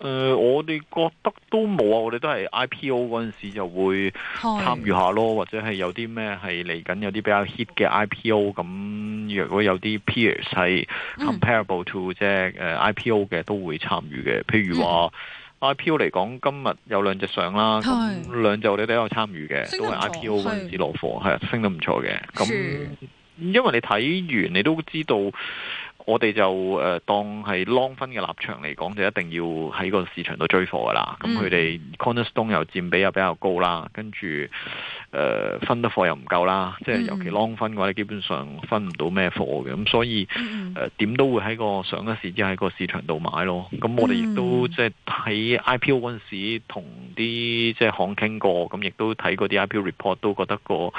誒、呃，我哋覺得都冇啊！我哋都係 IPO 嗰陣時就會參與下咯，是或者係有啲咩係嚟緊有啲比較 hit 嘅 IPO，咁若果有啲 peer 係 comparable、嗯、to 即係誒 IPO 嘅都會參與嘅。譬如話、嗯、IPO 嚟講，今日有兩隻上啦，兩隻是我哋都有參與嘅，都係 IPO 嗰陣時落貨，係升得唔錯嘅。咁是因為你睇完你都知道。我哋就誒、呃、當係 long 分嘅立場嚟講，就一定要喺個市場度追貨噶啦。咁佢哋 cornerstone 又佔比又比較高啦，跟住。誒、呃、分得貨又唔夠啦，即係尤其 long 分嘅話，基本上分唔到咩貨嘅，咁所以誒點、mm hmm. 呃、都會喺個上一市之後喺個市場度買咯。咁我哋亦都、mm hmm. 即係睇 IPO 嗰陣時，同啲即係行傾過，咁亦都睇嗰啲 IPO report 都覺得個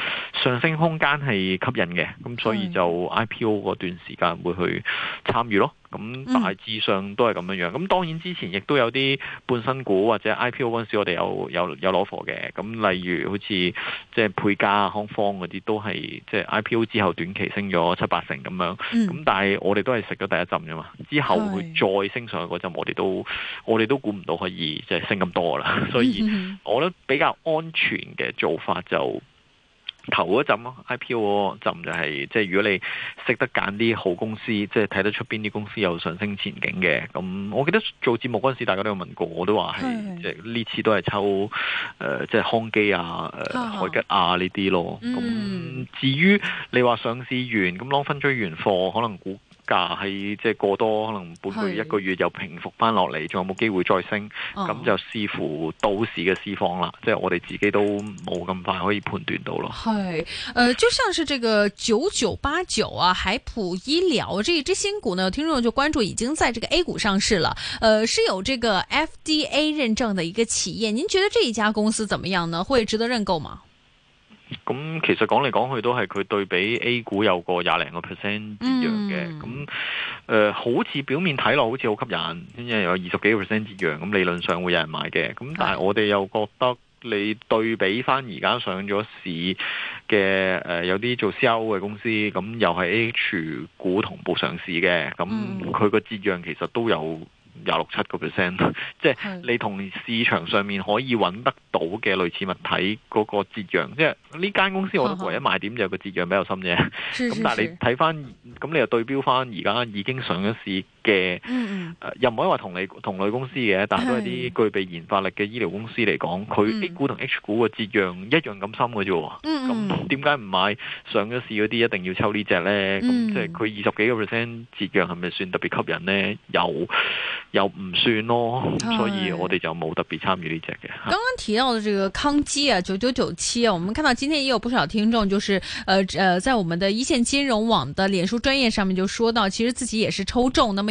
上升空間係吸引嘅，咁所以就 IPO 嗰段時間會去參與咯。咁大致上都係咁樣樣。咁當然之前亦都有啲半新股或者 IPO 嗰陣時我，我哋有有有攞貨嘅。咁例如好似。即係配價康方嗰啲都係即係 IPO 之後短期升咗七八成咁樣，咁、嗯、但係我哋都係食咗第一浸咋嘛，之後會再升上去嗰陣對，我哋都我哋都估唔到可以即係升咁多啦，所以我覺得比較安全嘅做法就。頭嗰陣咯，IPO 陣就係、是、即係如果你識得揀啲好公司，即係睇得出邊啲公司有上升前景嘅。咁我記得做節目嗰陣時，大家都有問過，我都話係即係呢次都係抽誒、呃，即係康基啊、誒、呃、海吉啊呢啲咯。咁的、嗯、至於你話上市完咁攞分追完貨，可能估。價喺即係過多，可能半個月一個月又平復翻落嚟，仲有冇機會再升？咁是就視乎到時嘅釋放啦，哦、即係我哋自己都冇咁快可以判斷到咯。係，誒、呃，就像是這個九九八九啊，海普醫療、啊、這一隻新股呢？有聽眾就關注已經在這個 A 股上市了，誒、呃，是有這個 FDA 認證的一個企業，您覺得這一家公司怎麼樣呢？會值得認購嗎？咁、嗯、其實講嚟講去都係佢對比 A 股有個廿零個 percent 折讓嘅，咁誒、嗯呃、好似表面睇落好似好吸引，因為有二十幾個 percent 折讓，咁理論上會有人買嘅。咁但係我哋又覺得你對比翻而家上咗市嘅誒、呃、有啲做 COO 嘅公司，咁又係 A 股同步上市嘅，咁佢個折讓其實都有。廿六七個 percent，即係你同市場上面可以揾得到嘅類似物體嗰個折讓，即係呢間公司我覺得唯一賣點就係個折讓比較深啫。咁但係你睇翻，咁你又對標翻而家已經上咗市嘅， 嗯、又唔可以話同類同類公司嘅，但係都係啲具備研發力嘅醫療公司嚟講，佢、嗯、A 股同 H 股嘅折讓一樣咁深嘅啫。咁點解唔買上咗市嗰啲一定要抽呢隻呢？咁即係佢二十幾個 percent 折讓係咪算特別吸引呢？又又唔算咯，所以我哋就冇特別參與呢隻嘅。剛 剛提到嘅這個康基啊，九九九七，我們看到今天也有不少聽眾，就是，呃，呃，在我們的一線金融網的《臉書專頁》上面就說到，其實自己也是抽中，那麼。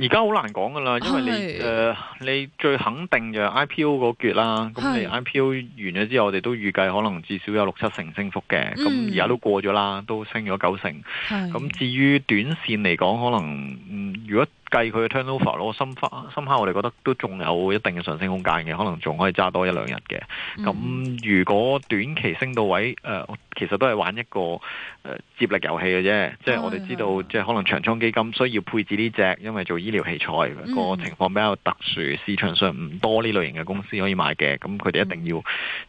而家好難講噶啦，因為你誒是、呃，你最肯定就係 IPO 嗰橛啦，咁你 IPO 完咗之後，我哋都預計可能至少有六七成升幅嘅，咁而家都過咗啦，嗯、都升咗九成。咁是至於短線嚟講，可能、嗯、如果，計佢嘅 turnover 咯，深深坑我哋覺得都仲有一定嘅上升空間嘅，可能仲可以揸多一兩日嘅。咁、嗯、如果短期升到位，誒、呃，其實都係玩一個、呃、接力遊戲嘅啫，即係我哋知道，嗯、即係可能長倉基金需要配置呢隻，因為做醫療器材、嗯、個情況比較特殊，市場上唔多呢類型嘅公司可以買嘅，咁佢哋一定要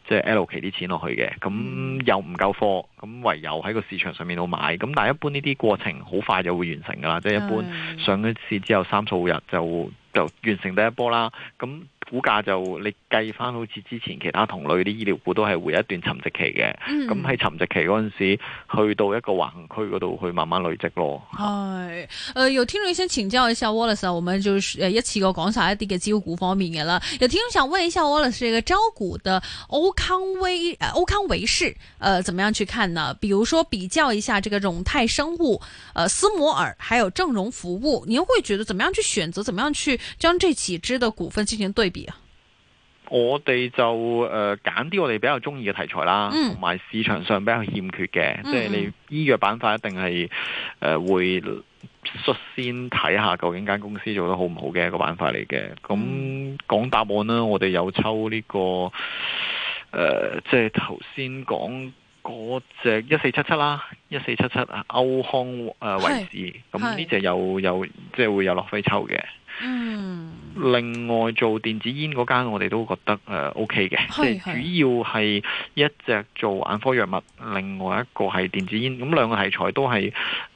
即係 L 期啲錢落去嘅，咁、嗯、又唔夠貨，咁唯有喺個市場上面度買，咁但係一般呢啲過程好快就會完成噶啦，即係一,一般上一次。之後三數日就就完成第一波啦，咁。股價就你計翻好似之前其他同類啲醫療股都係會有一段沉寂期嘅，咁喺、嗯、沉寂期嗰陣時，去到一個橫區嗰度去慢慢累積咯。係、嗯，誒、呃、有聽眾先請教一下 Wallace，我們就誒一次過講晒一啲嘅招股方面嘅啦。有聽眾想問一下 Wallace，這個招股的歐康威、歐、呃、康維視，誒、呃，怎麼樣去看呢？比如說比較一下這個榮泰生物、誒、呃、斯摩爾，還有正榮服務，您會覺得怎麼樣去選擇？怎麼樣去將這幾支的股份進行對比？我哋就誒揀啲我哋比較中意嘅題材啦，同埋、嗯、市場上比較欠缺嘅，嗯嗯，即係你醫藥板塊一定係誒、呃、會率先睇下究竟間公司做得好唔好嘅一、那個板塊嚟嘅。咁講答案啦，我哋有抽呢、這個誒、呃，即係頭先講。我隻一四七七啦，一四七七歐康誒維視，咁呢隻有有即係會有落飛抽嘅。嗯，另外做電子煙嗰間我哋都覺得誒 O K 嘅，即、呃、係、OK、主要係一隻做眼科藥物，另外一個係電子煙，咁兩個題材都係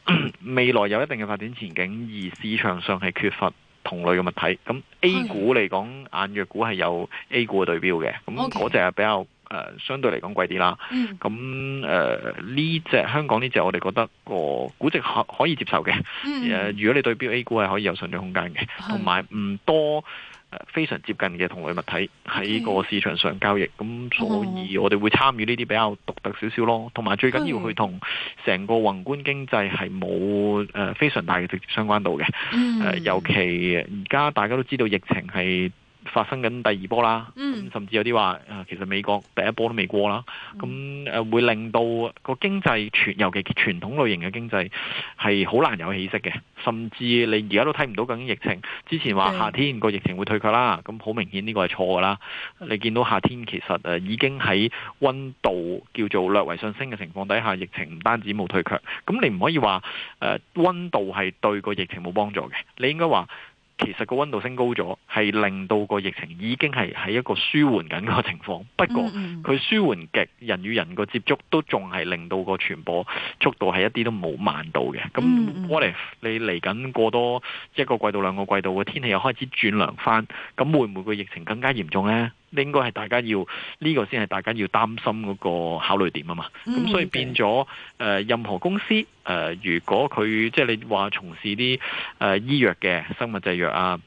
未來有一定嘅發展前景，而市場上係缺乏同類嘅物體。咁 A 股嚟講，是眼藥股係有 A 股嘅對標嘅，咁嗰隻係比較，誒、呃，相對嚟講貴啲啦，咁誒呢隻香港呢隻我哋覺得個估值可可以接受嘅，誒、嗯、如果你對標 A 股係可以有上漲空間嘅，同埋唔多誒、呃、非常接近嘅同類物體喺個市場上交易，咁、嗯嗯、所以我哋會參與呢啲比較獨特少少咯，同埋最緊要去同成個宏觀經濟係冇誒非常大嘅直接相關度嘅，誒、呃、尤其而家大家都知道疫情係。發生緊第二波啦，嗯、甚至有啲話誒，其實美國第一波都未過啦，咁、嗯、誒會令到個經濟傳，尤其傳統類型嘅經濟係好難有起色嘅，甚至你而家都睇唔到究竟疫情。之前話夏天個疫情會退卻啦，咁好明顯呢個係錯㗎啦。你見到夏天其實誒已經喺温度叫做略為上升嘅情況底下，疫情唔單止冇退卻，咁你唔可以話誒温度係對個疫情冇幫助嘅，你應該話。其實個溫度升高咗，係令到個疫情，已經係喺一個舒緩緊個情況。不過佢、嗯嗯、舒緩極，人與人個接觸都仲係令到個傳播速度係一啲都冇慢到嘅。咁 what if 你嚟緊過多一個季度，兩個季度嘅天氣又開始轉涼翻，咁會唔會個疫情更加嚴重呢？應該係大家要呢、這個先係大家要擔心嗰個考慮點啊嘛，咁所以變咗誒、呃、任何公司誒、呃，如果佢即係你話從事啲誒、呃、醫藥嘅生物製藥啊，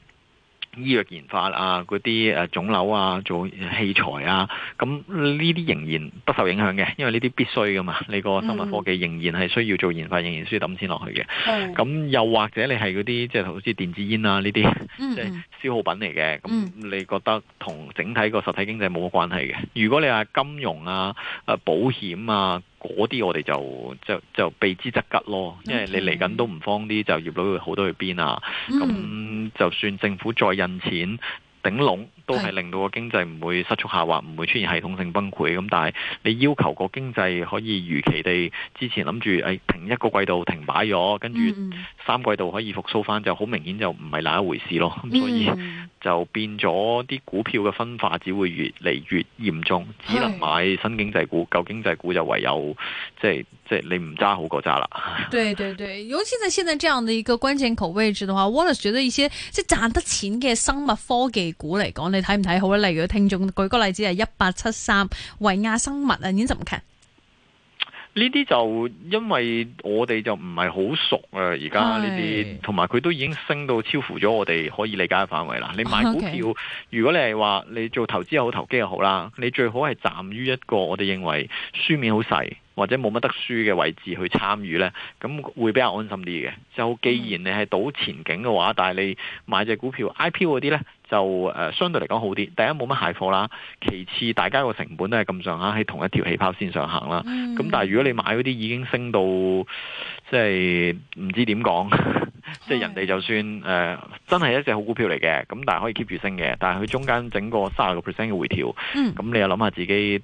醫藥研發啊，嗰啲誒腫瘤啊，做器材啊，咁呢啲仍然不受影響嘅，因為呢啲必須㗎嘛，你個生物科技仍然係需要做研發，仍然需要抌錢落去嘅。咁、嗯、又或者你係嗰啲即係好似電子煙啊呢啲，即係消耗品嚟嘅，咁、嗯、你覺得同整體個實體經濟冇關係嘅？如果你話金融啊、保險啊，嗰啲我哋就就就避之則吉咯，因為你嚟緊都唔慌啲，就業率會好多去邊啊？咁、嗯、就算政府再印錢頂籠。都係令到個經濟唔會失速下滑，唔會出現系統性崩潰。咁但係你要求個經濟可以如期地之前諗住誒停一個季度停擺咗，跟住三季度可以復甦返，就好明顯就唔係那一回事咯。所以就變咗啲股票嘅分化，只會越嚟越嚴重，只能買新經濟股，舊經濟股就唯有即係即係你唔揸好過揸啦。 對對對，尤其在現在這樣嘅一個關鍵口位置嘅話，我覺得一些即係賺得錢嘅生物科技股嚟講你睇唔睇好咧？例如，果聽眾舉個例子係一八七三維亞生物啊，演什麼劇？呢啲就因為我哋就唔係好熟啊，而家呢啲，同埋佢都已經升到超乎咗我哋可以理解嘅範圍啦。你買股票，Okay. 如果你係話你做投資又好，投機又好啦，你最好係站於一個我哋認為書面好細。或者冇乜得輸嘅位置去參與呢，咁會比較安心啲嘅。就既然你係賭前景嘅話，但係你買隻股票 IPO 嗰啲呢，就誒、呃、相對嚟講好啲。第一冇乜蟹貨啦，其次大家個成本都係咁上下，喺同一條起跑線上行啦。咁、嗯、但係如果你買嗰啲已經升到，即係唔知點講。 即係人哋就算誒、呃、真係一隻好股票嚟嘅，咁但係可以 keep 住升嘅，但係佢中間整個卅個 percent 嘅回調，咁、嗯、你又諗下自己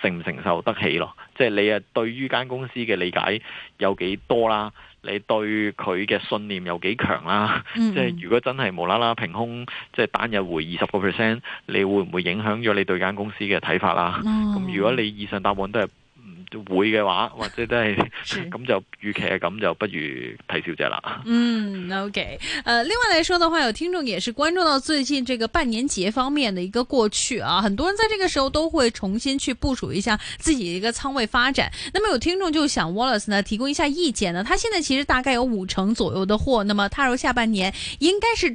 承唔承受得起咯？即係你啊，對於間公司嘅理解有幾多啦？你對佢嘅信念有幾強啦？嗯嗯即係如果真係無啦啦平空即係單日回二十個 percent，你會唔會影響咗你對間公司嘅睇法啦？咁、哦、如果你以上答案都係，就會嘅話，或者都係咁就預期啊，咁就不如睇小姐啦。嗯，OK，誒、呃，另外嚟講嘅話，有聽眾也是關注到最近這個半年節方面嘅一個過去啊，很多人在這個時候都會重新去部署一下自己的一個倉位發展。那麼有聽眾就想 Wallace 呢提供一下意見呢，他現在其實大概有五成左右的貨，那麼踏入下半年應該是，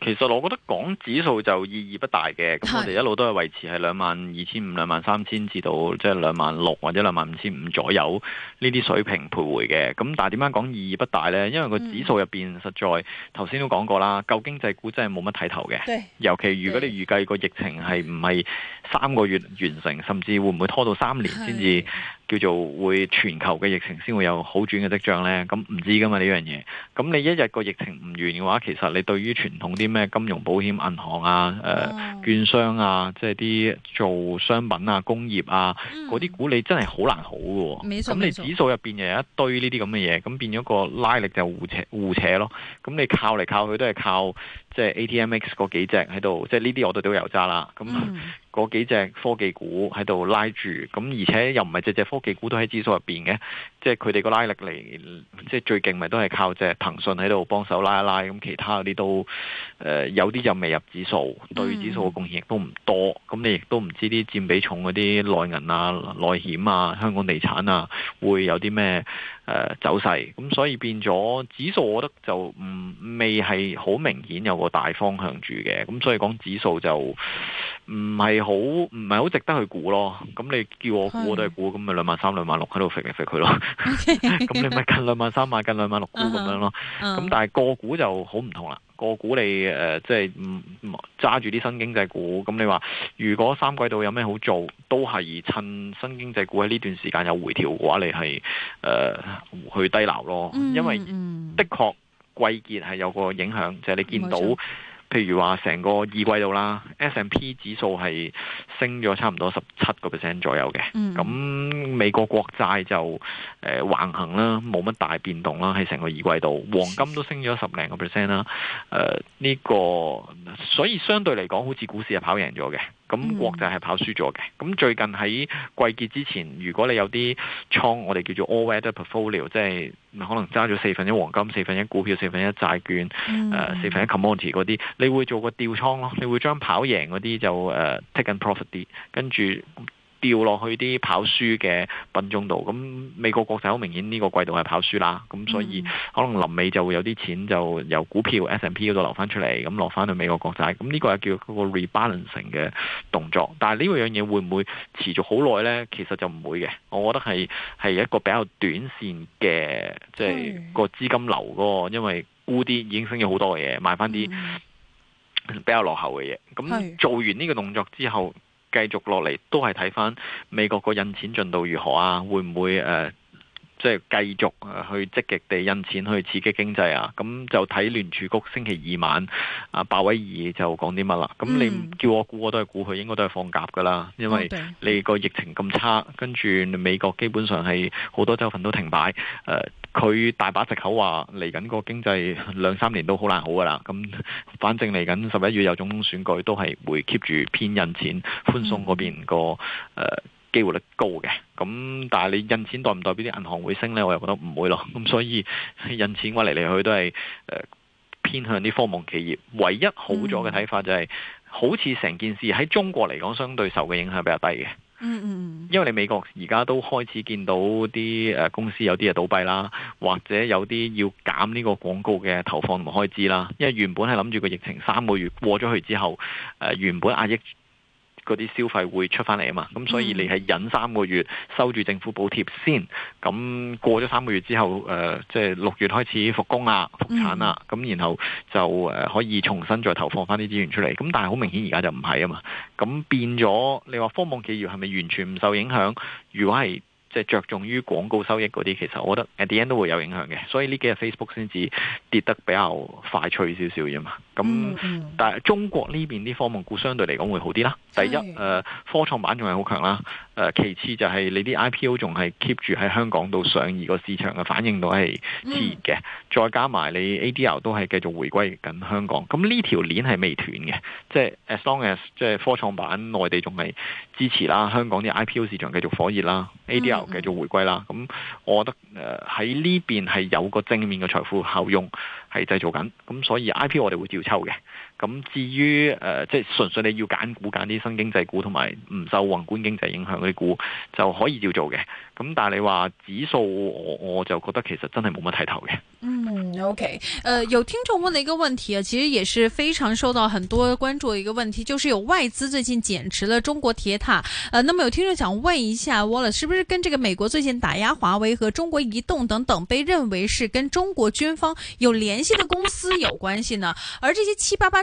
其實我覺得講指數就意義不大嘅，咁是我哋一路都係維持係兩萬二千五、兩萬三千至到即係兩萬六或者兩萬五千五左右呢啲水平徘徊嘅。咁但係點解講意義不大呢？因為個指數入邊實在頭先、嗯、都講過啦，舊經濟股真係冇乜睇頭嘅。對尤其如果你預計個疫情係唔係三個月完成，對甚至會唔會拖到三年先至對？嗯叫做會全球嘅疫情先會有好轉嘅跡象呢？咁唔知噶嘛呢樣嘢。咁你一日個疫情唔完嘅話，其實你對於傳統啲咩金融、保險、銀行啊、誒、呃哦、券商啊，即係啲做商品啊、工業啊嗰啲、嗯、股，你真係好難好嘅、啊。咁錯你指數入邊又有一堆呢啲咁嘅嘢，咁錯變咗個拉力就互扯互扯咯。咁你靠嚟靠去都係靠即係、就是、ATMX 嗰幾隻喺度，即係呢啲我哋都油渣啦。咁、嗯嗰幾隻科技股喺度拉住，咁而且又唔係隻隻科技股都喺指數入邊嘅。即係佢哋個拉力嚟，即係最勁咪都係靠即係騰訊喺度幫手拉一拉，咁其他嗰啲都誒有啲就未入指數，對指數嘅貢獻亦都唔多。咁你亦都唔知啲佔比重嗰啲內銀啊、內險啊、香港地產啊，會有啲咩誒走勢。咁所以變咗指數，我覺得就唔未係好明顯有個大方向住嘅。咁所以講指數就唔係好唔係好值得去估咯。咁你叫我估都係估，咁咪兩萬三、兩萬六喺度飛嚟飛去咯。咁你咪近兩萬三萬近兩萬六股咁樣咯，咁但係個股就好唔同啦。個股你誒、呃，即係唔揸住啲新經濟股，咁你話如果三季度有咩好做，都係趁新經濟股喺呢段時間有回調嘅話，你係誒、呃、去低撈咯。嗯嗯因為的確季結係有個影響，就係、是、你見到。錯譬如話，成個二季度啦，S&P 指數係升咗差唔多十七個 percent 左右嘅。咁、嗯、美國國債就誒、呃、橫行啦，冇乜大變動啦，喺成個二季度。黃金都升咗十零個 percent 啦。誒呢個所以相對嚟講，好似股市係跑贏咗嘅。咁國債係跑輸咗嘅。咁、嗯、最近喺季結之前，如果你有啲倉，我哋叫做 all weather portfolio，即、就、係、是。可能揸咗四分一黃金、四分一股票、四分一債券、誒、嗯呃、四分一 commodity 嗰啲，你會做個調倉咯，你會將跑贏嗰啲就誒、uh, take in profit 啲，跟住。掉落去啲跑輸嘅品種度，咁美國國債好明顯呢個季度係跑輸啦，咁所以可能臨尾就會有啲錢就由股票 S&P 嗰度流翻出嚟，咁落翻去美國國債，咁呢個又叫嗰個 rebalancing 嘅動作。但係呢個樣嘢會唔會持續好耐呢？其實就唔會嘅，我覺得係係一個比較短線嘅，即係個資金流個，因為沽啲已經升咗好多嘅嘢，賣翻啲比較落後嘅嘢。咁做完呢個動作之後。繼續落嚟都係睇翻美國個印錢進度如何啊？會唔會誒？Uh 即係繼續去積極地印錢去刺激經濟啊！咁就睇聯儲局星期二晚啊，鮑威爾就講啲乜啦？咁你唔叫我估，我都係估佢應該都係放鴿噶啦，因為你個疫情咁差，跟住美國基本上係好多州份都停擺。佢、呃、大把借口話嚟緊個經濟兩三年都好難好噶啦。咁反正嚟緊十一月有總統選舉，都係會 keep 住偏印錢寬鬆嗰邊個機會率高嘅，咁但係你印錢代唔代表啲銀行會升呢？我又覺得唔會咯。咁所以印錢我嚟嚟去去都係、呃、偏向啲科網企業。唯一好咗嘅睇法就係、是，嗯、好似成件事喺中國嚟講，相對受嘅影響比較低嘅。嗯嗯，因為你美國而家都開始見到啲誒公司有啲啊倒閉啦，或者有啲要減呢個廣告嘅投放同開支啦。因為原本係諗住個疫情三個月過咗去之後，呃、原本壓抑，嗰啲消費會出翻嚟啊嘛，咁所以你係忍三個月收住政府補貼先，咁過咗三個月之後，誒即係六月開始復工啊、復產啊，咁然後就誒、呃、可以重新再投放翻啲資源出嚟，咁但係好明顯而家就唔係啊嘛，咁變咗你話科網企業係咪完全唔受影響？如果係？即係着重於廣告收益嗰啲，其實我覺得 At The End 都會有影響嘅，所以呢幾日 Facebook 先至跌得比較快脆少少啫嘛。咁、嗯嗯、但係中國呢邊啲科夢股相對嚟講會好啲啦。第一，誒是、呃，科創板仲係好強啦。誒，其次就係你啲 IPO 仲係 keep 住喺香港度上，移個市場嘅反應度係自然嘅，再加埋你 ADL 都係繼續回歸緊香港，咁呢條鏈係未斷嘅，即係 as long as 即係科創板內地仲係支持啦，香港啲 IPO 市場繼續火熱啦，ADL 繼續回歸啦，咁我覺得誒喺呢邊係有個正面嘅財富效用係製造緊，咁所以 IPO 我哋會照抽嘅。咁至於誒、呃，即係純粹你要揀股揀啲新經濟股同埋唔受宏觀經濟影響嗰啲股就可以照做嘅。咁但係你話指數，我我就覺得其實真係冇乜睇頭嘅。嗯，OK，誒、呃、有聽眾問了一個問題啊，其實也是非常受到很多關注嘅一個問題，就是有外資最近減持了中國鐵塔。誒、呃，那麼有聽眾想問一下 Wallace，是不是跟這個美國最近打壓華為和中國移動等等，被認為是跟中國軍方有聯繫的公司有關係呢？ 而這些七八八。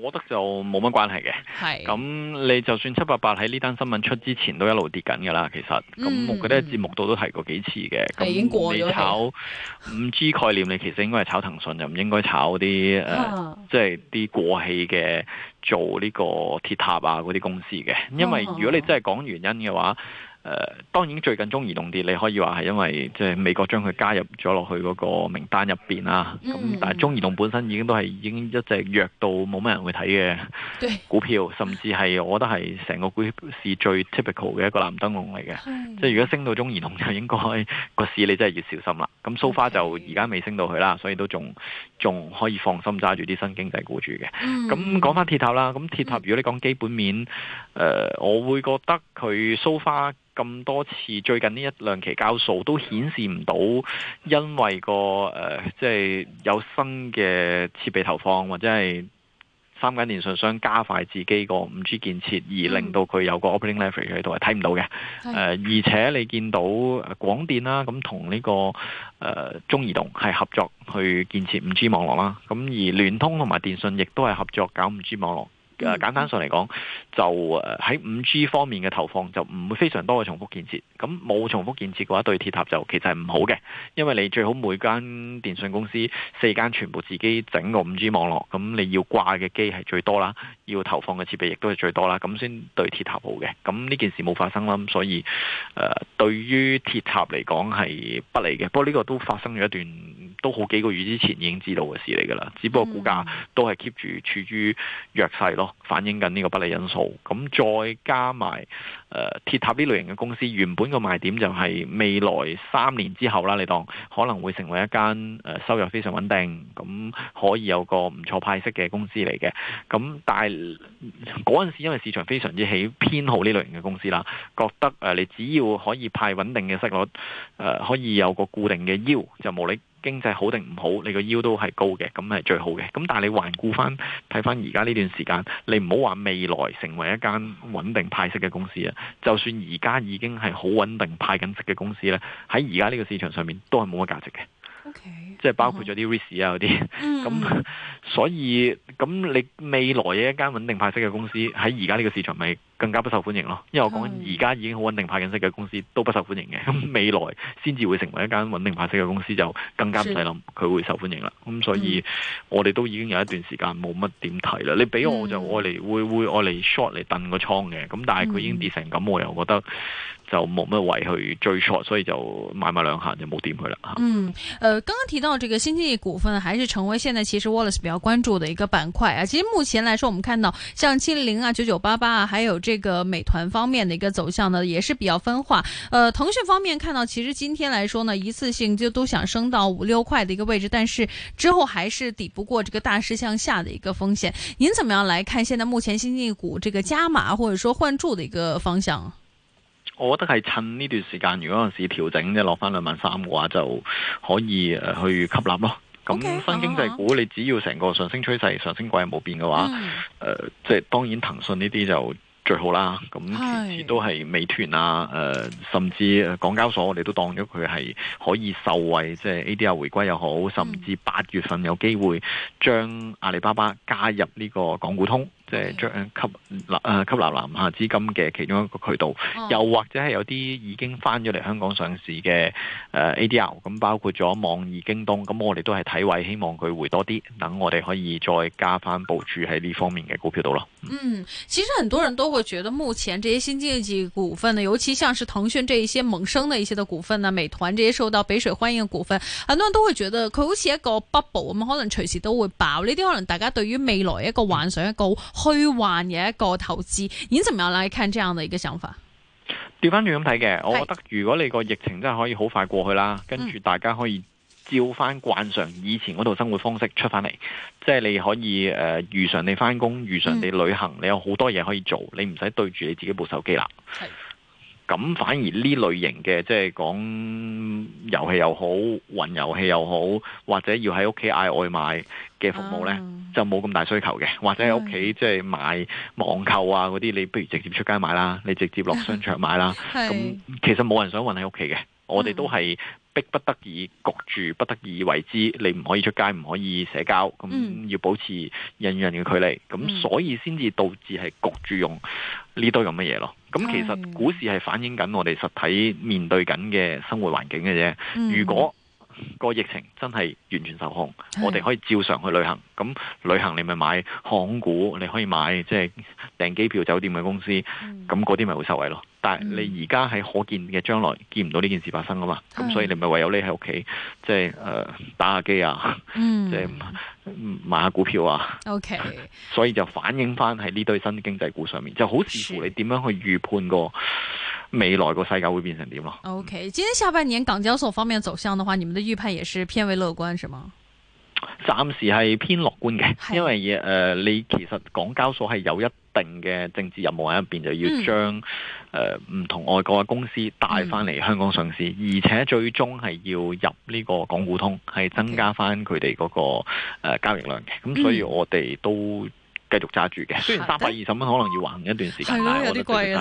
我覺得就冇乜關係嘅，咁是你就算七百八喺呢單新聞出之前都一路跌緊噶啦，其實咁我覺得節目度都提過幾次嘅。嗯、你炒五 G, G 概念，你其實應該係炒騰訊，就唔應該炒啲誒，呃啊、即係啲過氣嘅做呢個鐵塔啊嗰啲公司嘅，因為如果你真係講原因嘅話。啊啊誒、呃，當然最近中移動跌，你可以話係因為即係、就是、美國將佢加入咗落去嗰個名單入邊啦。咁、嗯、但係中移動本身已經都係已經一隻弱到冇乜人會睇嘅股票，對甚至係我覺得係成個股市最 typical 嘅一個藍燈籠嚟嘅。是即係如果升到中移動，就應該個 市你真係要小心啦。咁 so far 就而家未升到去啦，所以都仲仲可以放心揸住啲新經濟股住嘅。咁講返鐵塔啦，咁鐵塔如果你講基本面，誒、嗯呃，我會覺得佢 so far。咁多次最近呢一兩期交數都顯示唔到，因為個誒即係有新嘅設備投放，或者係三間電信商加快自己個 5G 建設，而令到佢有個 operating leverage 喺度係睇唔到嘅。誒、呃、而且你見到廣電啦，咁同呢個誒、呃、中移動係合作去建設 5G 網絡啦。咁、啊、而聯通同埋電信亦都係合作搞 5G 網絡。簡單上嚟講，就喺五 G 方面嘅投放就唔會非常多嘅重複建設。咁冇重複建設嘅話，對鐵塔就其實係唔好嘅，因為你最好每間電訊公司四間全部自己整個五 G 網絡，咁你要掛嘅機係最多啦，要投放嘅設備亦都係最多啦，咁先對鐵塔好嘅。咁呢件事冇發生啦，咁所以誒、呃，對於鐵塔嚟講係不利嘅。不過呢個都發生咗一段都好幾個月之前已經知道嘅事嚟㗎啦，只不過股價都係 keep 住處於弱勢咯。反映緊呢個不利因素，咁再加埋誒、鐵塔呢類型嘅公司，原本個賣點就係未來三年之後啦，你當可能會成為一間誒、呃、收入非常穩定，咁可以有個唔錯派息嘅公司嚟嘅。咁但係嗰陣時，因為市場非常之喜偏好呢類型嘅公司啦，覺得誒、呃、你只要可以派穩定嘅息率，誒、呃、可以有個固定嘅腰就冇理。經濟好定唔好，你個 yield 都係高嘅，咁係最好嘅。咁但係你環顧翻睇翻而家呢段時間，你唔好話未來成為一間穩定派息嘅公司啊。就算而家已經係好穩定派緊息嘅公司呢，喺而家呢個市場上面都係冇乜價值嘅。Okay. 即係包括咗啲 risk 啊，嗰啲咁，嗯、 所以咁你未來嘅一間穩定派息嘅公司，喺而家呢個市場咪更加不受歡迎咯。因為我講緊而家已經好穩定派緊息嘅公司都不受歡迎嘅，咁未來先至會成為一間穩定派息嘅公司就更加唔使諗佢會受歡迎啦。咁所以我哋都已經有一段時間冇乜點提啦。你俾我就愛嚟、嗯、會會愛嚟 short 嚟燉個倉嘅，咁但係佢已經跌成咁，我又覺得。就冇乜位去追錯，所以就買買兩下就冇點去啦吓。嗯，呃，剛剛提到這個新經濟股份，還是成為現在其實 Wallace 比較關注的一個板塊啊。其實目前來說，我們看到像七零零啊、九九八八啊，還有這個美團方面的一個走向呢，也是比較分化。呃，騰訊方面看到，其實今天來說呢，一次性就都想升到五六塊的一個位置，但是之後還是抵不過這個大市向下的一個風險。您怎麼樣來看？現在目前新經濟股這個加碼或者說換注的一個方向？我覺得係趁呢段時間，如果市調整即係落翻兩萬三嘅話，就可以、呃、去吸納咯。咁那 Okay, 新經濟股、uh, uh, 你只要成個上升趨勢、上升軌冇變嘅話，誒、嗯呃、即係當然騰訊呢啲就最好啦。咁其次是都係美團啊，誒、呃、甚至港交所我哋都當咗佢係可以受惠，即係 ADR 回歸又好，甚至八月份有機會將阿里巴巴加入呢個港股通。即係將吸納誒、吸納南下資金嘅其中一個渠道，又或者係有啲已經翻咗嚟香港上市嘅誒、ADR，咁包括咗網易、京東，咁我哋都係睇位，希望佢回多啲，等我哋可以再加翻部署喺呢方面嘅股票度咯。嗯，其實很多人都會覺得目前這些新經濟股份呢，尤其像是騰訊這一些猛升的一些嘅股份呢，美團這些受到北水歡迎嘅股份，很多人都會覺得佢好似一個 bubble 咁，可能隨時都會爆。呢啲可能大家對於未來一個幻想一個。虛幻嘅一個投資，演什麼嚟？看這樣嘅一個想法，調翻轉咁睇嘅，我覺得如果你個疫情真係可以好快過去啦，是跟住大家可以照翻慣常以前嗰套生活方式出返嚟，嗯、即係你可以誒，如常地返工，如常地旅行，你有好多嘢可以做，你唔使對住你自己部手機啦。咁是反而呢類型嘅，即係講遊戲又好，雲遊戲又好，或者要喺屋企嗌外賣。嘅、啊、服務咧就冇咁大需求嘅，或者喺屋企即係買網購啊嗰啲，的你不如直接出街買啦，你直接落商場買啦。咁的其實冇人想運喺屋企嘅，我哋都係逼不得已焗住，不得已為之，你唔可以出街，唔可以社交，咁要保持人與人嘅距離，咁所以先至導致係焗住用呢堆咁嘅嘢咯。咁其實股市係反映緊我哋實體面對緊嘅生活環境嘅啫。如果個疫情真係完全受控，是我哋可以照常去旅行。咁旅行你咪買航股，你可以買即係訂機票、酒店嘅公司。咁嗰啲咪好受惠咯。但係你而家喺可見嘅將來見唔到呢件事發生啊嘛。咁是所以你咪唯有匿喺屋企，即係誒打下機啊，即係、嗯就是、買下股票啊。嗯、o、okay. K. 所以就反映翻喺呢堆新經濟股上面，就好視乎你點樣去預判個。未來個世界會變成點咯？OK，今年下半年港交所方面走向的話，你們的預判也是偏為樂觀，是嗎？暫時係偏樂觀嘅，因為誒，你其實港交所係有一定嘅政治任務喺入邊，就要將誒唔同外國嘅公司帶翻嚟香港上市，而且最終係要入呢個港股通，係增加翻佢哋嗰個誒交易量嘅。咁所以我哋都繼續揸住嘅。雖然三百二十蚊可能要橫一段時間，但係我哋繼